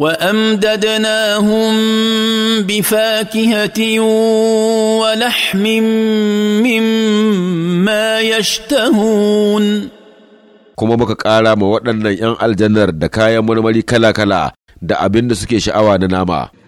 وامددناهم بفاكهه ولحم مما يشتهون kuma muka ƙara ma waɗannan ‘yan aljannar da kayan marmari kala-kala da abin da suke sha'awa na nama.